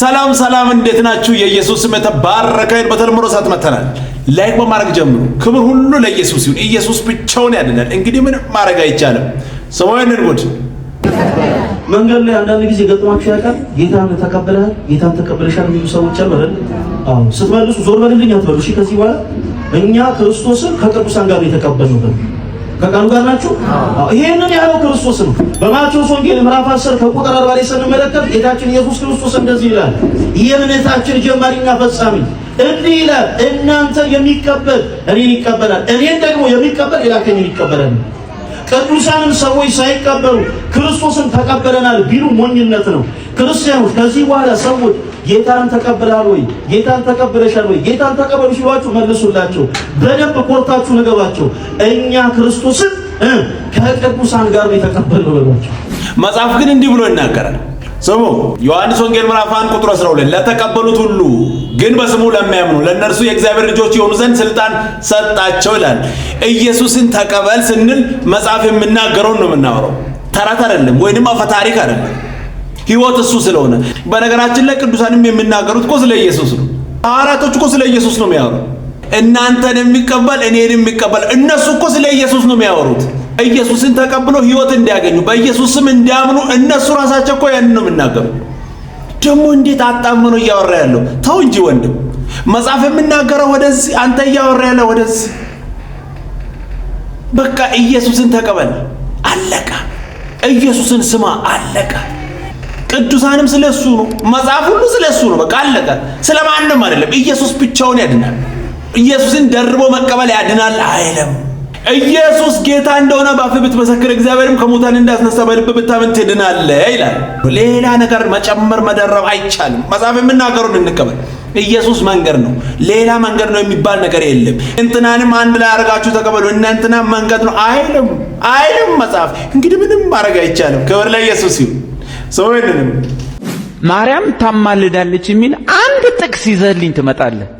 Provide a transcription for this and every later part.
ሰላም ሰላም፣ እንዴት ናችሁ? የኢየሱስ ስም የተባረከን። በተለምዶ ሰዓት መተናል። ላይክ በማድረግ ጀምሩ። ክብር ሁሉ ለኢየሱስ ይሁን። ኢየሱስ ብቻውን ያድናል። እንግዲህ ምንም ማድረግ አይቻልም። ሰማያዊን ጉድ መንገድ ላይ አንዳንድ ጊዜ ገጥሟችሁ ያውቃል? ጌታን ተቀበለሃል፣ ጌታን ተቀበለሻል የሚሉ ሰዎች አሉ አይደል? አዎ። ስትመልሱ ዞር በልልኝ አትበሉ። እሺ፣ ከዚህ በኋላ እኛ ክርስቶስን ከቅዱሳን ጋር የተቀበልነው ከቃሉ ጋር ናችሁ። ይሄንን ያለው ክርስቶስ ነው። በማቴዎስ ወንጌል ምዕራፍ 10 ከቁጥር 40 ላይ ስንመለከት ጌታችን ኢየሱስ ክርስቶስ እንደዚህ ይላል፣ የእምነታችን ጀማሪና ፈጻሚ እንዲህ ይላል፣ እናንተ የሚቀበል እኔን ይቀበላል፣ እኔን ደግሞ የሚቀበል የላከኝን ይቀበላል። ቅዱሳንም ሰዎች ሳይቀበሉ ክርስቶስን ተቀበለናል ቢሉ ሞኝነት ነው። ክርስቲያኖች ከዚህ በኋላ ሰዎች ጌታን ተቀብለሃል ወይ? ጌታን ተቀብለሻል ወይ? ጌታን ተቀበሉ ሲሏችሁ መልሱላቸው። በደንብ ኮርታችሁ ንገሯቸው። እኛ ክርስቶስን ከቅዱሳን ጋር ነው የተቀበልነው በሏቸው። መጽሐፍ ግን እንዲህ ብሎ ይናገራል። ስሙ ዮሐንስ ወንጌል ምዕራፍ 1 ቁጥር 12 ለተቀበሉት ሁሉ ግን በስሙ ለሚያምኑ ለእነርሱ የእግዚአብሔር ልጆች የሆኑ ዘንድ ስልጣን ሰጣቸው ይላል። ኢየሱስን ተቀበል ስንል መጽሐፍ የምናገረውን ነው የምናወራው። ተረት አይደለም፣ ወይንም አፈታሪክ አይደለም። ህይወት እሱ ስለሆነ። በነገራችን ላይ ቅዱሳንም የሚናገሩት እኮ ስለ ኢየሱስ ነው። ሐዋርያቶች እኮ ስለ ኢየሱስ ነው የሚያወሩት። እናንተን የሚቀበል እኔን የሚቀበል እነሱ እኮ ስለ ኢየሱስ ነው የሚያወሩት። ኢየሱስን ተቀብሎ ህይወት እንዲያገኙ በኢየሱስ ስም እንዲያምኑ እነሱ ራሳቸው እኮ ያንን ነው የሚናገሩት። ደግሞ እንዴት አጣምኖ እያወራ ያለው ተው እንጂ ወንድም፣ መጽሐፍ የምናገረው ወደዚህ፣ አንተ እያወራ ያለ ወደዚህ። በቃ ኢየሱስን ተቀበል አለቀ። ኢየሱስን ስማ አለቀ። ቅዱሳንም ስለሱ ነው። መጽሐፍ ሁሉ ስለሱ ነው። በቃ አለቀ። ማንም አይደለም። ኢየሱስ ብቻውን ያድናል። ኢየሱስን ደርቦ መቀበል ያድናል አይለም። ኢየሱስ ጌታ እንደሆነ በአፍ ብትመሰክር እግዚአብሔርም ከሙታን እንዳስነሳ በልብ ብታምን ትድናለ ይላል። ሌላ ነገር መጨመር መደረብ አይቻልም። መጽሐፍ የምናገሩን እንቀበል። ኢየሱስ መንገድ ነው። ሌላ መንገድ ነው የሚባል ነገር የለም። እንትናንም አንድ ላይ አድርጋችሁ ተቀበሉ፣ እናንትና መንገድ ነው አይልም አይልም መጽሐፍ። እንግዲህ ምንም ማድረግ አይቻልም። ክብር ለኢየሱስ ይሁን። ሰው የለንም። ማርያም ታማልዳለች የሚል አንድ ጥቅስ ይዘህልኝ ትመጣለህ።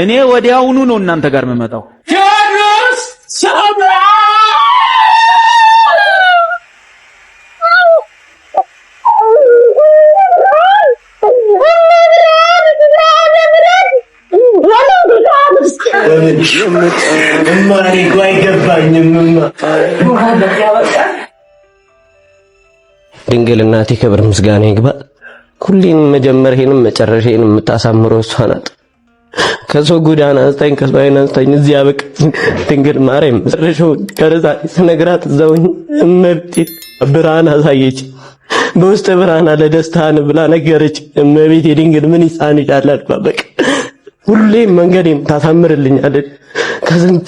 እኔ ወዲያውኑ ነው እናንተ ጋር የምመጣው። ቴዎድሮስ ሰብአ ድንግል እናቴ ክብር ምስጋና ይግባ። ሁሌንም መጀመሪያንም መጨረሻንም የምታሳምረው እሷ ናት። ከሰው ጎዳና አንስታኝ ከሰው አይን አንስታኝ እዚህ ያበቃ ድንግል ማርያም መጨረሻው ቀርጻ ስነግራት እዛውኝ እመቤቴ ብርሃን አሳየች። በውስጥ ብርሃን ለደስታን ብላ ነገረች። እመቤቴ ድንግል ምን ይሳን ይቻላል? በቃ ሁሌም መንገዴን ታሳምርልኛለች ከስንት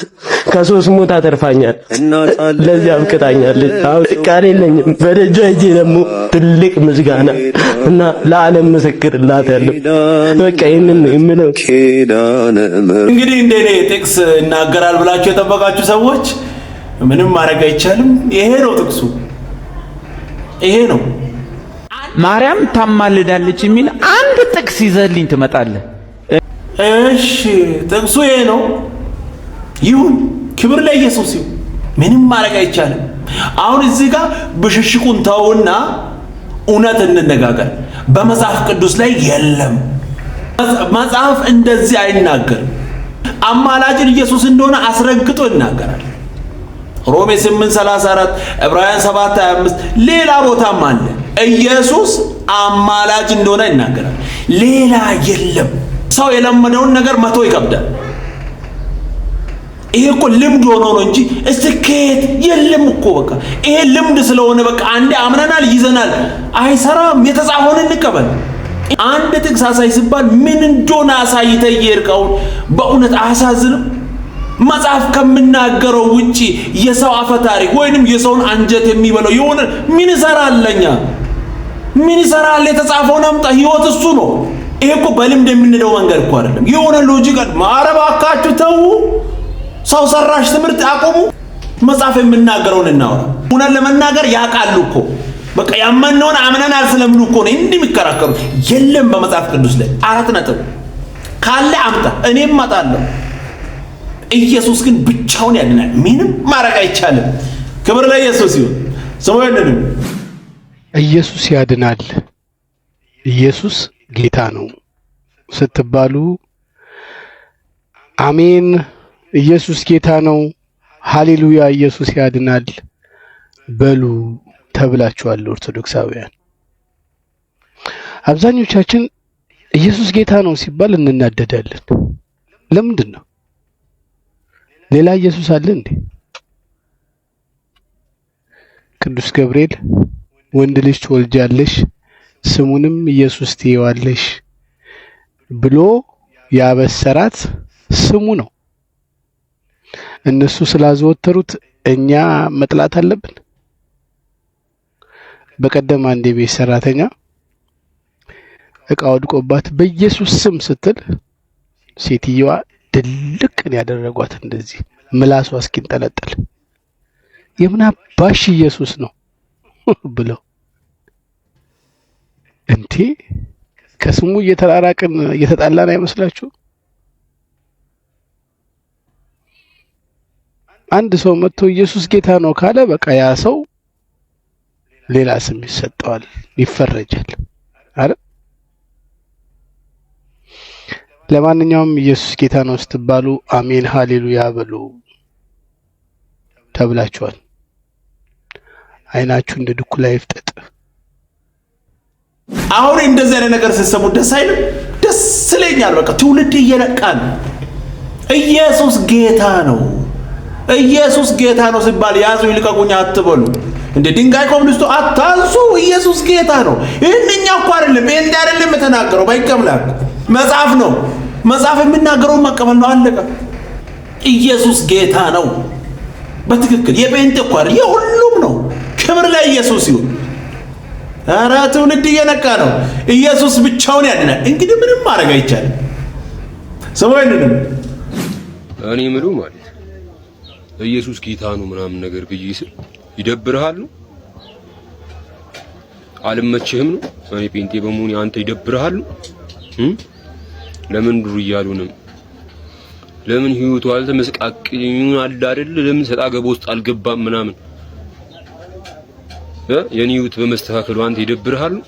ከሶስት ሞት አተርፋኛል። ለዚህ አብቅታኛለች። አሁን ቃል የለኝም። በደጇ ሂጄ ደግሞ ትልቅ ምስጋና እና ለዓለም ምስክርላት ያለው በቃ ይህንን የምለው እንግዲህ እንደኔ ጥቅስ እናገራል ብላችሁ የጠበቃችሁ ሰዎች ምንም ማድረግ አይቻልም። ይሄ ነው ጥቅሱ፣ ይሄ ነው ማርያም ታማልዳለች የሚል አንድ ጥቅስ ይዘህልኝ ትመጣለህ። እሺ ጥቅሱ ይሄ ነው ይሁን። ክብር ለኢየሱስ ይሁን። ምንም ማድረግ አይቻልም። አሁን እዚህ ጋር ብሽሽቁን ተውና እውነት እንነጋገር። በመጽሐፍ ቅዱስ ላይ የለም። መጽሐፍ እንደዚህ አይናገርም። አማላጅን ኢየሱስ እንደሆነ አስረግጦ ይናገራል። ሮሜ 8:34 ዕብራውያን 7:25 ሌላ ቦታም አለ። ኢየሱስ አማላጅ እንደሆነ ይናገራል። ሌላ የለም። ሰው የለመደውን ነገር መቶ ይከብዳል። ይሄ እኮ ልምድ ሆኖ ነው እንጂ እስከየት የለም እኮ በቃ ይሄ ልምድ ስለሆነ በቃ አንዴ አምነናል ይዘናል። አይሰራም። የተጻፈውን እንቀበል። አንድ ጥቅስ አሳይ ሲባል ምን እንደሆነ አሳይተህ የሄድከውን በእውነት አያሳዝንም? መጽሐፍ ከምናገረው ውጪ የሰው አፈ ታሪክ ወይንም የሰውን አንጀት የሚበላው የሆነ ምን ይሰራለኛ? ምን ይሰራል? የተጻፈውን አምጣ። ህይወት እሱ ነው። ይሄ እኮ በልምድ የምንሄደው መንገድ እኮ አይደለም። የሆነ ሎጂክ አረ ተው። ሰው ሰራሽ ትምህርት አቆሙ። መጽሐፍ የምናገረውን እናወራ። እውነት ለመናገር ያውቃሉ እኮ በቃ ያመነውን አምነናል ስለሚሉ እኮ ነው እንዲህ የሚከራከሩ። የለም በመጽሐፍ ቅዱስ ላይ አራት ነጥብ ካለ አምጣ፣ እኔም እመጣለሁ። ኢየሱስ ግን ብቻውን ያድናል። ምንም ማድረግ አይቻልም። ክብር ለኢየሱስ ይሁን። ስሙ ያድንም ኢየሱስ ያድናል። ኢየሱስ ጌታ ነው ስትባሉ አሜን ኢየሱስ ጌታ ነው፣ ሃሌሉያ ኢየሱስ ያድናል በሉ ተብላችኋል ኦርቶዶክሳውያን። አብዛኞቻችን ኢየሱስ ጌታ ነው ሲባል እንናደዳለን። ለምንድን ነው? ሌላ ኢየሱስ አለ እንዴ? ቅዱስ ገብርኤል ወንድ ልጅ ትወልጃለሽ ስሙንም ኢየሱስ ትይዋለሽ ብሎ ያበሰራት ስሙ ነው። እነሱ ስላዘወተሩት እኛ መጥላት አለብን? በቀደም አንድ የቤት ሰራተኛ እቃ ወድቆባት በኢየሱስ ስም ስትል ሴትየዋ ድልቅን ያደረጓት እንደዚህ ምላሷ እስኪንጠለጠል የምን አባሽ ኢየሱስ ነው ብለው እንዴ ከስሙ እየተራራቅን እየተጣላን አይመስላችሁ? አንድ ሰው መጥቶ ኢየሱስ ጌታ ነው ካለ በቃ ያ ሰው ሌላ ስም ይሰጠዋል፣ ይፈረጃል አይደል? ለማንኛውም ኢየሱስ ጌታ ነው ስትባሉ አሜን ሃሌሉያ በሉ ተብላችኋል። አይናችሁ እንደ ድኩላ ይፍጠጥ። አሁን እንደዚህ አይነት ነገር ስትሰሙ ደስ አይልም? ደስ ይለኛል። በቃ ትውልድ እየነቃ ነው። ኢየሱስ ጌታ ነው። ኢየሱስ ጌታ ነው ሲባል ያዙ ይልቀቁኝ አትበሉ። እንደ ድንጋይ ኮብልስቶ አታንሱ። ኢየሱስ ጌታ ነው። ይህን እኮ አይደለም እንደ አይደለም የተናገረው ባይቀምላክ መጽሐፍ ነው። መጽሐፍ የሚናገረውን መቀበል ነው። አለቀ። ኢየሱስ ጌታ ነው። በትክክል የጴንጤ እኮ አይደል የሁሉም ነው። ክብር ለኢየሱስ ይሁን። ኧረ ትውልድ እየነቃ ነው። ኢየሱስ ብቻውን ያድናል። እንግዲህ ምንም ማድረግ አይቻልም። ሰው አይደለም እኔ ምሉ ማለት ኢየሱስ ጌታ ነው ምናምን ነገር ብዬ ስል ይደብርሃል ነው አልመችህም ነው እኔ ጴንጤ በመሆኔ አንተ ይደብርሃል ነው ለምን ዱር እያሉንም ለምን ህይወቱ አልተመሰቃቅኝም አለ አይደል ለምን ሰጣ ገባ ውስጥ አልገባም ምናምን የኔ ህይወት በመስተካከሉ አንተ ይደብርሃል ነው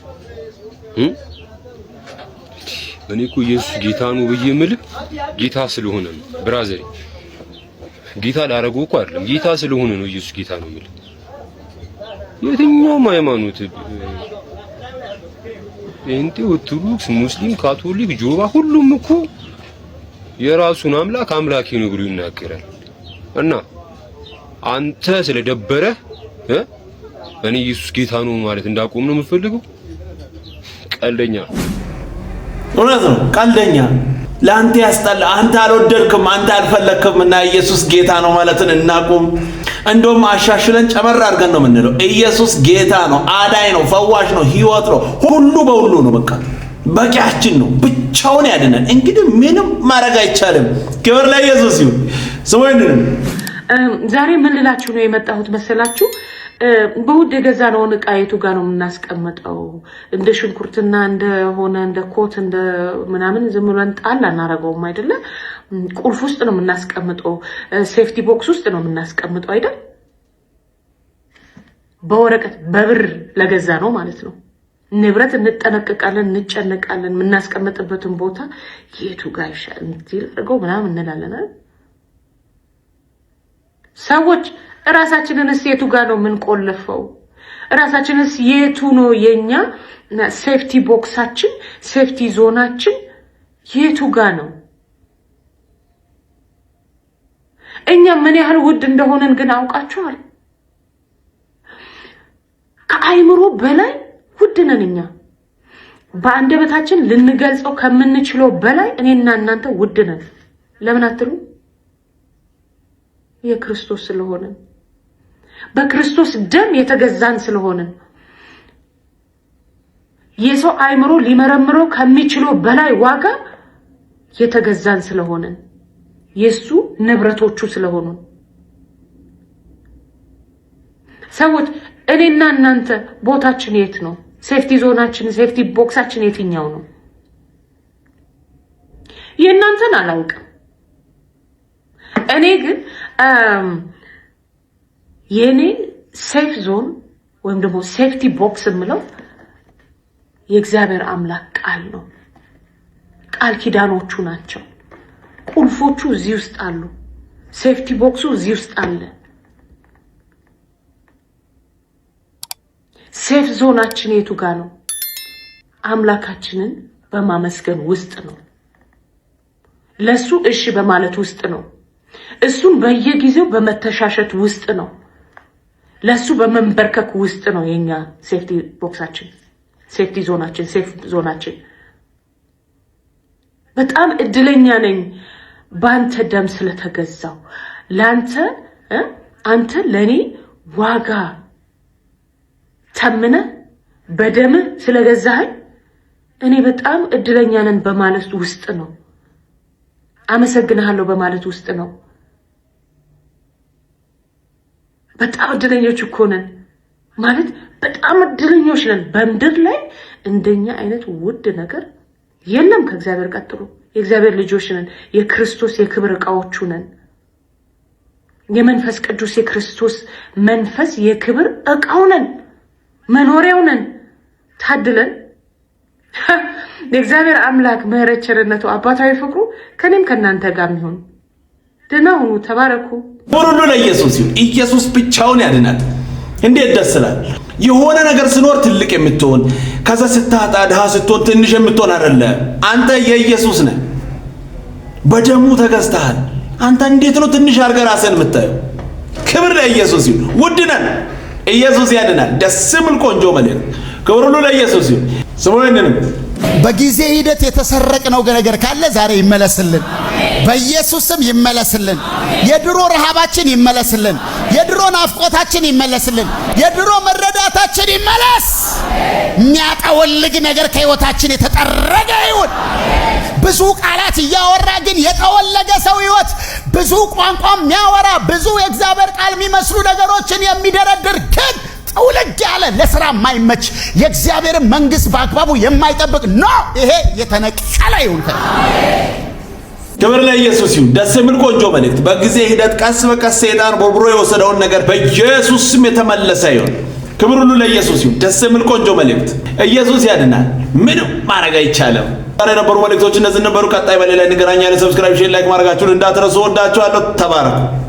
እኔ እኮ ኢየሱስ ጌታ ነው ብዬ የምልህ ጌታ ስለሆነ ብራዘሬ ጌታ ላረጉ እኮ አይደለም ጌታ ስለሆነ ነው። ኢየሱስ ጌታ ነው የሚል የትኛውም ሃይማኖት ጴንጤ፣ ኦርቶዶክስ፣ ሙስሊም፣ ካቶሊክ፣ ጆባ ሁሉም እኮ የራሱን አምላክ አምላኬ ነው ብሎ ይናገራል። እና አንተ ስለደበረ እኔ ኢየሱስ ጌታ ነው ማለት እንዳቆም ነው የምፈልገው። ቀልደኛ እውነት ነው፣ ቀልደኛ ለአንተ ያስጠላ፣ አንተ አልወደድክም፣ አንተ አልፈለክም እና ኢየሱስ ጌታ ነው ማለትን እናቁም። እንደውም አሻሽለን ጨመር አድርገን ነው የምንለው። ኢየሱስ ጌታ ነው፣ አዳይ ነው፣ ፈዋሽ ነው፣ ህይወት ነው፣ ሁሉ በሁሉ ነው። በቃ በቂያችን ነው፣ ብቻውን ያድነን። እንግዲህ ምንም ማድረግ አይቻልም። ክብር ለኢየሱስ ይሁን። ስሙ ዛሬ ምን ልላችሁ ነው የመጣሁት መሰላችሁ? በውድ የገዛ ነውን እቃ የቱ ጋር ነው የምናስቀምጠው? እንደ ሽንኩርትና እንደሆነ እንደ ኮት እንደ ምናምን ዝም ብለን ጣል አናረገውም አይደለ? ቁልፍ ውስጥ ነው የምናስቀምጠው፣ ሴፍቲ ቦክስ ውስጥ ነው የምናስቀምጠው አይደል? በወረቀት በብር ለገዛ ነው ማለት ነው ንብረት እንጠነቀቃለን፣ እንጨነቃለን። የምናስቀምጥበትን ቦታ የቱ ጋር ይሻል እንዲል አድርገው ምናምን እንላለን። ሰዎች እራሳችንንስ የቱ ጋር ነው የምንቆለፈው? እራሳችንስ የቱ ነው የኛ ሴፍቲ ቦክሳችን፣ ሴፍቲ ዞናችን የቱ ጋር ነው? እኛ ምን ያህል ውድ እንደሆነን ግን አውቃችኋል? ከአይምሮ በላይ ውድ ነን እኛ። በአንደበታችን ልንገልጸው ከምንችለው በላይ እኔና እናንተ ውድ ነን። ለምን አትሉ? የክርስቶስ ስለሆንን በክርስቶስ ደም የተገዛን ስለሆንን የሰው አእምሮ ሊመረምረው ከሚችለው በላይ ዋጋ የተገዛን ስለሆንን የእሱ ንብረቶቹ ስለሆኑን ሰዎች እኔና እናንተ ቦታችን የት ነው? ሴፍቲ ዞናችን፣ ሴፍቲ ቦክሳችን የትኛው ነው? የእናንተን አላውቅም። እኔ ግን የእኔ ሴፍ ዞን ወይም ደግሞ ሴፍቲ ቦክስ የምለው የእግዚአብሔር አምላክ ቃል ነው። ቃል ኪዳኖቹ ናቸው። ቁልፎቹ እዚህ ውስጥ አሉ። ሴፍቲ ቦክሱ እዚህ ውስጥ አለ። ሴፍ ዞናችን የቱ ጋር ነው? አምላካችንን በማመስገን ውስጥ ነው። ለሱ እሺ በማለት ውስጥ ነው። እሱን በየጊዜው በመተሻሸት ውስጥ ነው፣ ለእሱ በመንበርከክ ውስጥ ነው የኛ ሴፍቲ ቦክሳችን፣ ሴፍቲ ዞናችን፣ ሴፍ ዞናችን። በጣም እድለኛ ነኝ በአንተ ደም ስለተገዛው ለአንተ አንተ ለእኔ ዋጋ ተምነ በደም ስለገዛኸኝ እኔ በጣም እድለኛ ነን በማለት ውስጥ ነው። አመሰግንሃለሁ በማለት ውስጥ ነው። በጣም እድለኞች እኮ ነን ማለት በጣም እድለኞች ነን። በምድር ላይ እንደኛ አይነት ውድ ነገር የለም ከእግዚአብሔር ቀጥሎ። የእግዚአብሔር ልጆች ነን። የክርስቶስ የክብር እቃዎቹ ነን። የመንፈስ ቅዱስ የክርስቶስ መንፈስ የክብር እቃው ነን፣ መኖሪያው ነን። ታድለን የእግዚአብሔር አምላክ ምሕረት ቸርነቱ አባታዊ ፍቅሩ ከኔም ከእናንተ ጋር የሚሆን ደህና ሁኑ፣ ተባረኩ። ክብር ሁሉ ለኢየሱስ ይሁን። ኢየሱስ ብቻውን ያድናል። እንዴት ደስ ይላል! የሆነ ነገር ስኖር ትልቅ የምትሆን ከዛ ስታጣ ድሃ ስትሆን ትንሽ የምትሆን አይደለ። አንተ የኢየሱስ ነህ፣ በደሙ ተገዝተሃል። አንተ እንዴት ነው ትንሽ አድርገህ ራስህን የምታየው? ክብር ለኢየሱስ ይሁን። ውድ ነን። ኢየሱስ ያድናል። ደስ የሚል ቆንጆ መልእክት። ክብር ሁሉ ለኢየሱስ ይሁን። ስሙ በጊዜ ሂደት የተሰረቅነው ነገር ካለ ዛሬ ይመለስልን፣ በኢየሱስ ስም ይመለስልን። የድሮ ረሃባችን ይመለስልን፣ የድሮ ናፍቆታችን ይመለስልን፣ የድሮ መረዳታችን ይመለስ። የሚያጠወልግ ነገር ከህይወታችን የተጠረገ ይሁን። ብዙ ቃላት እያወራ ግን የጠወለገ ሰው ህይወት ብዙ ቋንቋ የሚያወራ ብዙ የእግዚአብሔር ቃል የሚመስሉ ነገሮችን የሚደረድር ግን ውለድ ያለ ለስራ የማይመች የእግዚአብሔር መንግስት በአግባቡ የማይጠብቅ ኖ ይሄ የተነቀለ ይሁን። ክብር ለኢየሱስ ይሁን። ደስ የሚል ቆንጆ መልእክት። በጊዜ ሂደት ቀስ በቀስ ሰይጣን ቦርቡሮ የወሰደውን ነገር በኢየሱስ ስም የተመለሰ ይሁን። ክብር ሁሉ ለኢየሱስ ይሁን። ደስ የሚል ቆንጆ መልእክት። ኢየሱስ ያድናል። ምንም ማድረግ አይቻልም። ዛሬ የነበሩ መልእክቶች እነዚህ ነበሩ። ቀጣይ በሌላ እንገናኛለን። ሰብስክራይብ፣ ሼር፣ ላይክ ማድረጋችሁን እንዳትረሱ። ወዳችኋለሁ። ተባረኩ።